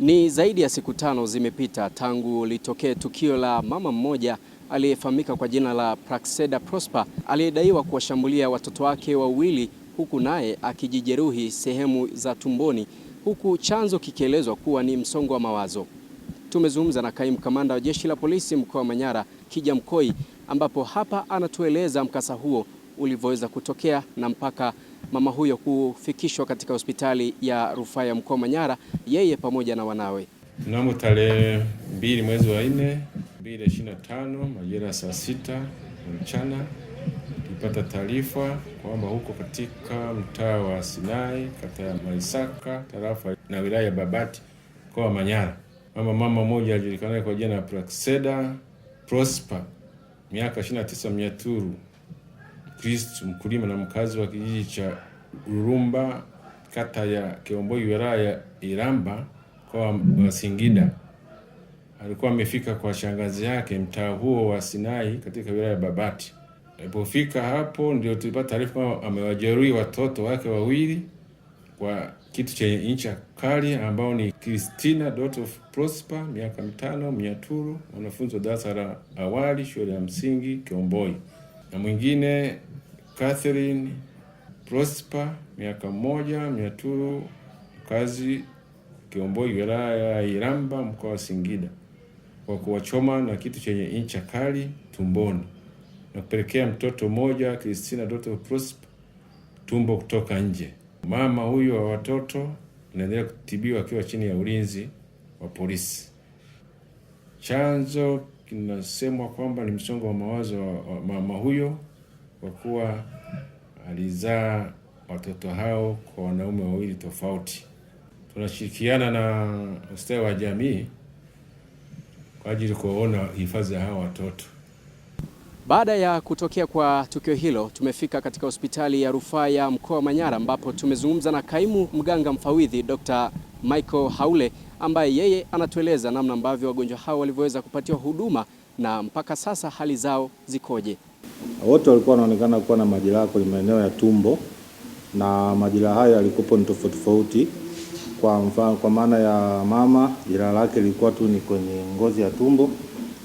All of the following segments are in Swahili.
Ni zaidi ya siku tano zimepita tangu litokee tukio la mama mmoja aliyefahamika kwa jina la Praxeda Prosper aliyedaiwa kuwashambulia watoto wake wawili huku naye akijijeruhi sehemu za tumboni huku chanzo kikielezwa kuwa ni msongo wa mawazo. Tumezungumza na kaimu kamanda wa jeshi la polisi mkoa wa Manyara, Kija Mkoi, ambapo hapa anatueleza mkasa huo ulivyoweza kutokea na mpaka mama huyo kufikishwa katika hospitali ya rufaa ya mkoa Manyara, yeye pamoja na wanawe. Mnamo tarehe mbili mwezi wa nne tano majira saa sita mchana tulipata taarifa kwamba huko katika mtaa wa Sinai kata ya Marisaka tarafa na wilaya ya Babati mkoa wa Manyara kwamba mama mmoja alijulikana kwa jina la Prakseda Prosper miaka tisa Mnyaturu Christ mkulima na mkazi wa kijiji cha Rurumba, kata ya Kiomboi, wilaya ya Iramba, mkoa wa Singida. Alikuwa amefika kwa shangazi yake mtaa huo wa Sinai katika wilaya ya Babati. Alipofika hapo, ndio tulipata taarifa amewajeruhi watoto wake wawili kwa kitu chenye ncha kali, ambao ni Christina of Prosper miaka mitano, Mnyaturu, mwanafunzi wa darasa la awali shule ya msingi Kiomboi na mwingine Catherine Prosper miaka moja Miaturu, mkazi Kiomboi, wilaya ya Iramba, mkoa wa Singida, kwa kuwachoma na kitu chenye ncha kali tumboni na kupelekea mtoto mmoja Christina Doto Prosper tumbo kutoka nje. Mama huyu wa watoto anaendelea kutibiwa akiwa chini ya ulinzi wa polisi. Chanzo kinasemwa kwamba ni msongo wa mawazo wa mama huyo kwa kuwa alizaa watoto hao kwa wanaume wawili tofauti. Tunashirikiana na ustawi wa jamii kwa ajili kuona hifadhi ya hawa watoto. Baada ya kutokea kwa tukio hilo, tumefika katika hospitali ya rufaa ya mkoa wa Manyara ambapo tumezungumza na kaimu mganga mfawidhi Dr. Michael Haule ambaye yeye anatueleza namna ambavyo wagonjwa hao walivyoweza kupatiwa huduma na mpaka sasa hali zao zikoje. Wote walikuwa wanaonekana kuwa na majeraha kwenye maeneo ya tumbo na majeraha hayo yalikuwa ni tofauti tofauti. Kwa mfano, kwa maana ya mama jeraha lake lilikuwa tu ni kwenye ngozi ya tumbo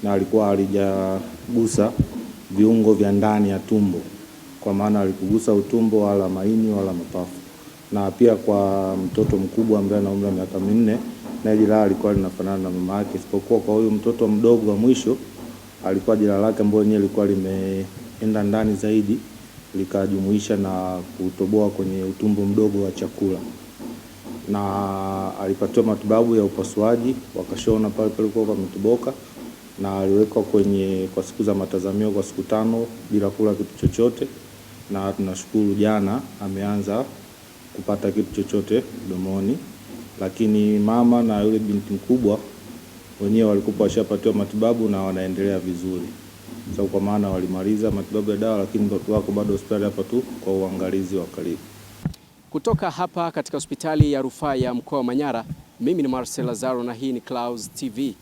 na alikuwa alijagusa viungo vya ndani ya tumbo, kwa maana alikugusa utumbo wala maini wala mapafu. Na pia kwa mtoto mkubwa ambaye ana umri wa miaka minne naye jeraha alikuwa linafanana na mama yake, isipokuwa kwa huyu mtoto mdogo wa mwisho alikuwa jeraha lake ambayo yenyewe lilikuwa limeenda ndani zaidi likajumuisha na kutoboa kwenye utumbo mdogo wa chakula, na alipatiwa matibabu ya upasuaji, wakashona pale kwa kumtoboka, na aliwekwa kwenye kwa siku za matazamio kwa siku tano bila kula kitu chochote, na tunashukuru jana ameanza kupata kitu chochote mdomoni lakini mama na yule binti mkubwa wenyewe walikuwa washapatiwa matibabu na wanaendelea vizuri. Sasa kwa maana walimaliza matibabu ya dawa, lakini mtoto wako bado hospitali hapa tu kwa uangalizi wa karibu. Kutoka hapa katika hospitali ya rufaa ya mkoa wa Manyara, mimi ni Marcel Lazaro na hii ni Clouds TV.